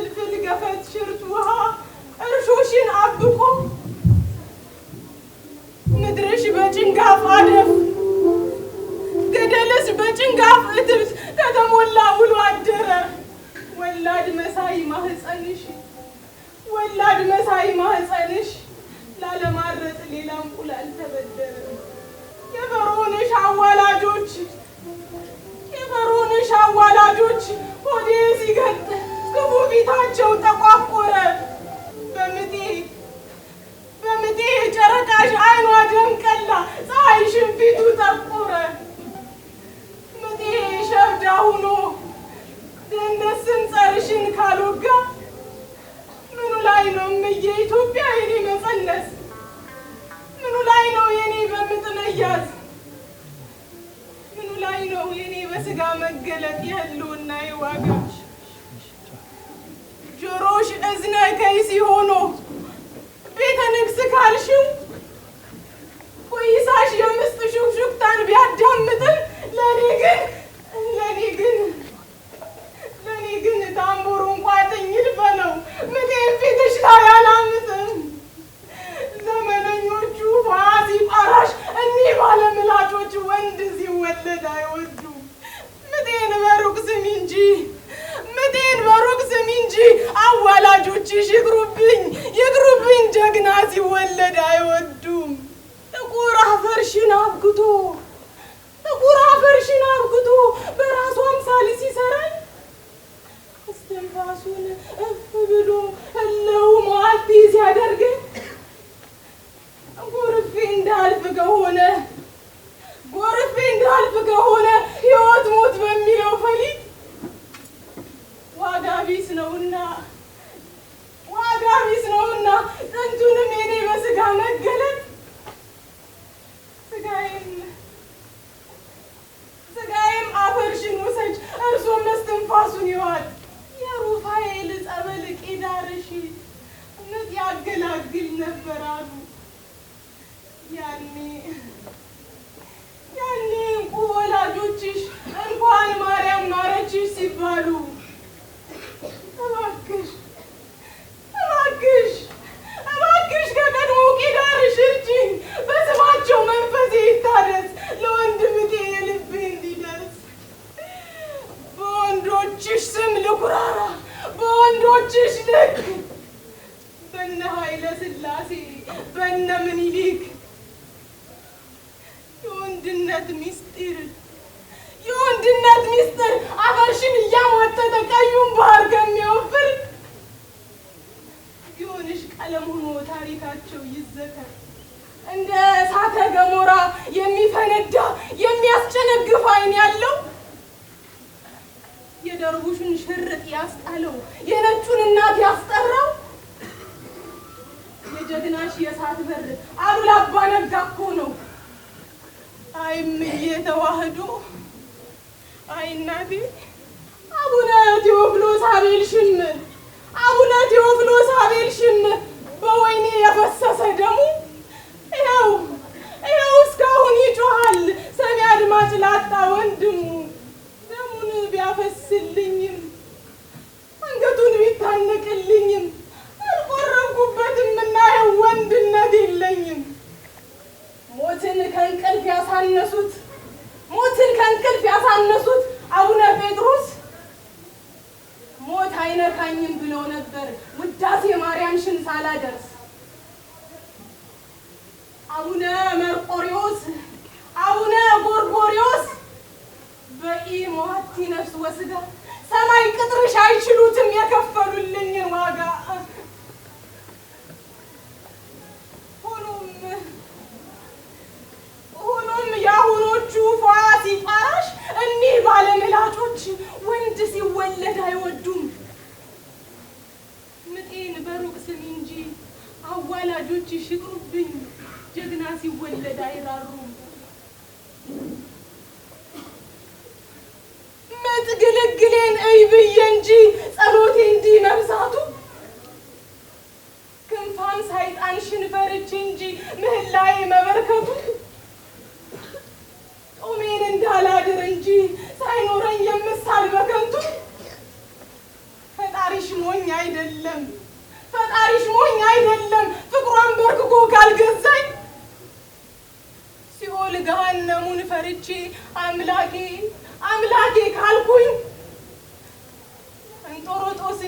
ፍልፍል ገፈት ሽርት ውሃ እርሾሽን አብቆ ምድርሽ በጭንጋፍ አደፍ ገደልሽ በጭንጋፍ እትብት ከተሞላ ውሎ አደረ ወላድ መሳይ ማህፀንሽ ወላድ መሳይ ማህፀንሽ ላለማረጥ ሌላ እንቁላል ተበደረ የፈርዖንሽ አዋላጆች የፈርዖንሽ አዋላጆች ሆዴ ሲገጥ ፊታቸው ተቋቆረ። በምጤ በምጤ ጨረቃሽ አይኗ ደም ቀላ፣ ፀሐይሽም ፊቱ ጠቆረ። ምጤ ሸብዳ ሁኖ ድህነት ስንጸርሽን ካልወጋ ምኑ ላይ ነው እምዬ ኢትዮጵያ የኔ መጸነስ? ምኑ ላይ ነው የኔ በምጥ መያዝ? ምኑ ላይ ነው የኔ በስጋ መገለጥ የህልውና ዋጋ? እዝነ ከይሲ ሆኖ ቤተ ንግስ ካልሽው ቆይሳሽ የምስጥ ሹክሹክታን ቢያዳምጥም ለኔ ግን ለኔ ግን ለኔ ግን ታምቡሩ እንኳ ትኝል በለው ምንም ፊትሽ ላይ አላምጥም። ዘመነኞቹ ፋዚ ጳራሽ እኒህ ባለምላጮች ወንድ ሲወለድ አይወዱ ምጤን በሩቅ ስሚ እንጂ እንጂ አዋላጆችሽ ይግሩብኝ ይግሩብኝ። ጀግና ሲወለድ አይወዱም። ጥቁር አፈርሽን አብግቶ ጥቁር አፈርሽን አብግቶ በራሱ አምሳል ሲሰራኝ እስትንፋሱን እፍ ብሎ እለው ማልቲ ሲያደርገኝ ጎርፌ እንዳልፍ ከሆነ ጎርፌ No, now. እንደ እሳተ ገሞራ የሚፈነዳ የሚያስጨነግፍ አይን ያለው የደርቡሽን ሽርጥ ያስጠለው የነጩን እናት ያስጠራው የጀግናሽ የእሳት በር አሉላ አባ ነጋ እኮ ነው። አይ እምዬ አይ እናቴ አቡነ ቴዎፍሎስ አቤልሽም አቡነ ቴዎፍሎስ አቤልሽም ወይኔ የፈሰሰ ደሙ ያው ይኸው እስካሁን ይጮሃል። ሰሚ አድማጭ ላጣ ወንድሙ ደሙን ቢያፈስልኝም አንገቱን ቢታነቅልኝም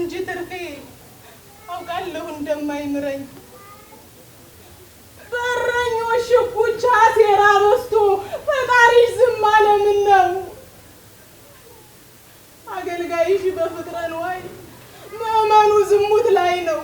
እንጂ ትርፌ አውቃለሁ እንደማይምረኝ። በእረኞች ሽኩቻ ሴራ በዝቶ ፈጣሪሽ ዝም አለ። ምን ነው አገልጋይሽ በፍቅረ ንዋይ ምዕመኑ ዝሙት ላይ ነው።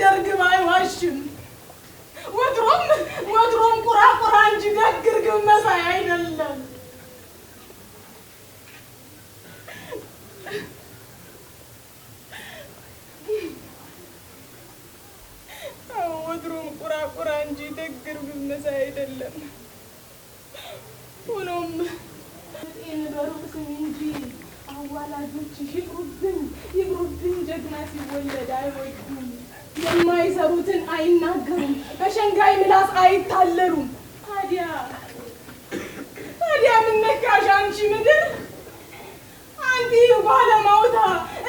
እንደ ርግብ አይዋሽም። ወትሮም ወትሮም ቁራ እንጂ ደግ ርግብ መሳይ አይደለም። ወትሮም ቁራ ቁራ እንጂ ደግ ርግብ መሳይ አይደለም። ሆኖም ጤን በሩቅስም እንጂ አዋላጆች ይቅሩብን ይቅሩብን ጀግና ሲወለድ አይወዱም። የማይሰሩትን አይናገሩም፣ በሸንጋይ ምላስ አይታለሉም። ታዲያ ታዲያ ምን ነካሽ አንቺ ምድር አንቲ ባለማውታ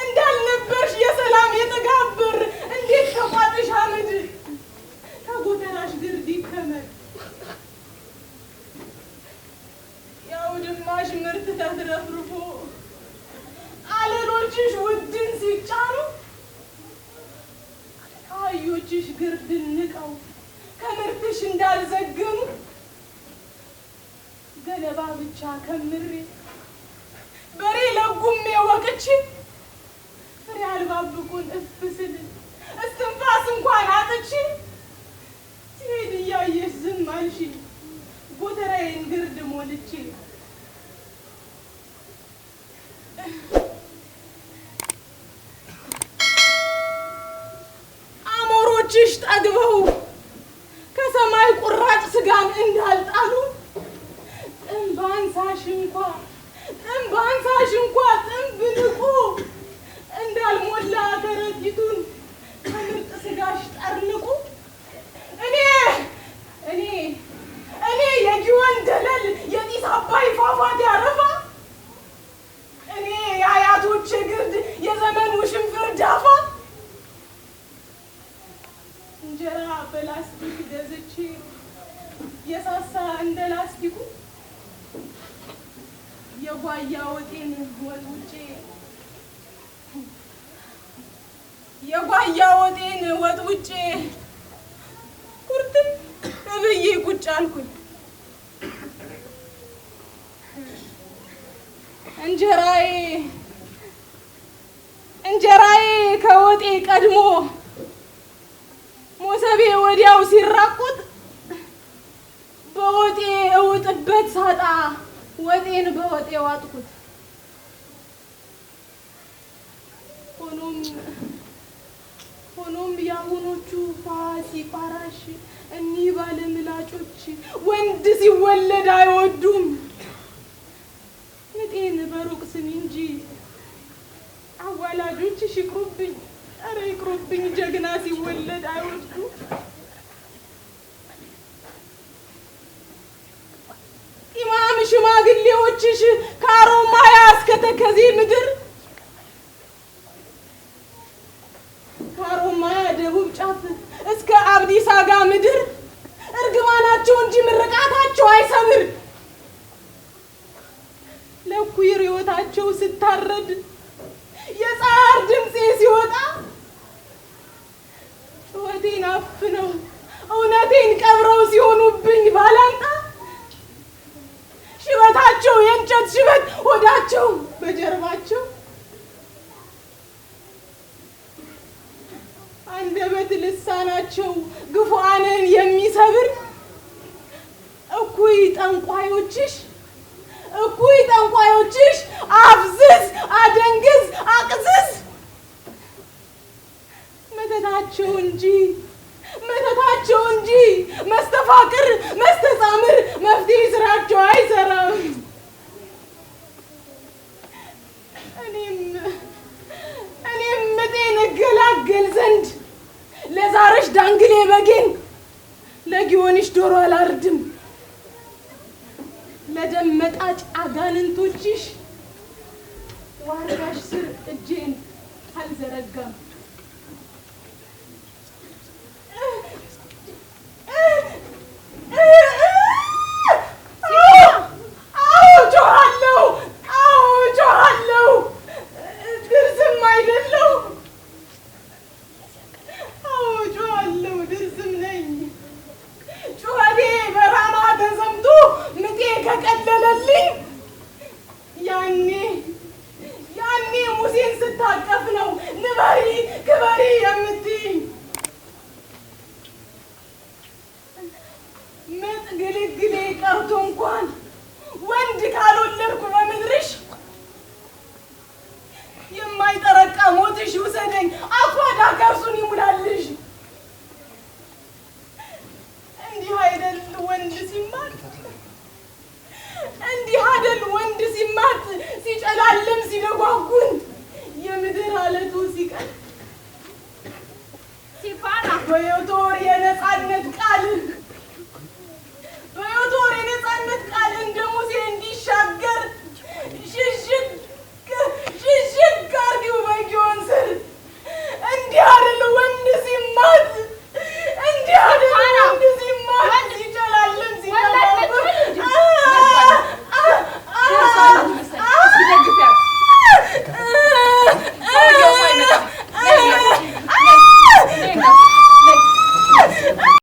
እንዳልነበርሽ የሰላም የጥጋብ ብር እንዴት ከቋጥሽ አመድ ከጎተራሽ ግርድ ይከመር የአውድማሽ ምርት ተትረፍርፎ አለሎችሽ ውድን ሲጫኑ በእጅሽ ግርድ ንቀው ከምርትሽ እንዳልዘግም ገለባ ብቻ ከምሬ በሬ ለጉሜ ወቅቼ ፍሬ አልባ እፍስል እስትንፋስ እንኳን አጥቼ ሲሄድ እያየሽ ዝም አልሽ ጎተራዬን ግርድ ሞልቼ አግበው ከሰማይ ቁራጭ ስጋን እንዳልጣሉ ጥንብ አንሳሽ እንኳ ጥንብ አንሳሽ እንኳ ጥንብ ንቁ እንዳልሞላ ከረጢቱን ቁጭ ቁርጥም እብዬ ቁጭ አልኩኝ። እንጀራዬ እንጀራዬ ከወጤ ቀድሞ ሞሰቤ ወዲያው ሲራቁት በወጤ እውጥበት ሳጣ ወጤን በወጤ ዋጥኩት። ያሞኖቹ ፋሲ ፋራሽ እኒህ ባለምላጮች ወንድ ሲወለድ አይወዱም። ምጤን በሩቅ ስሚ እንጂ አዋላጆች ሽቅሩብኝ፣ ኧረ ይቅሩብኝ። ጀግና ሲወለድ አይወዱም። ኢማም ሽማግሌዎችሽ ከአሮማያ እስከ ተከዜ ምድር ደቡብ ጫፍ እስከ አብዲስ ጋ ምድር እርግማናቸው እንጂ ምርቃታቸው አይሰምር። ለኩይር ህይወታቸው ስታረድ የጻር ድምፄ ሲወጣ ጩኸቴን አፍነው እውነቴን ቀብረው ሲሆኑብኝ ባላንጣ ሽበታቸው የእንጨት ሽበት ወዳቸው በጀርባቸው ትምህርት ልሳናቸው ግፉአንን የሚሰብር እኩይ ጠንቋዮችሽ እኩይ ጠንቋዮችሽ አፍዝዝ፣ አደንግዝ፣ አቅዝዝ መተታቸው እንጂ መተታቸው እንጂ መስተፋቅር መስተጻምር መፍትሄ ስራቸው አይሰራም። እኔም ሳረሽ ዳንግሌ በጌን ለጊዮንሽ ዶሮ አላርድም ለደመጣጭ አጋንንቶችሽ ዋርጋሽ ስር እጄን አልዘረጋም።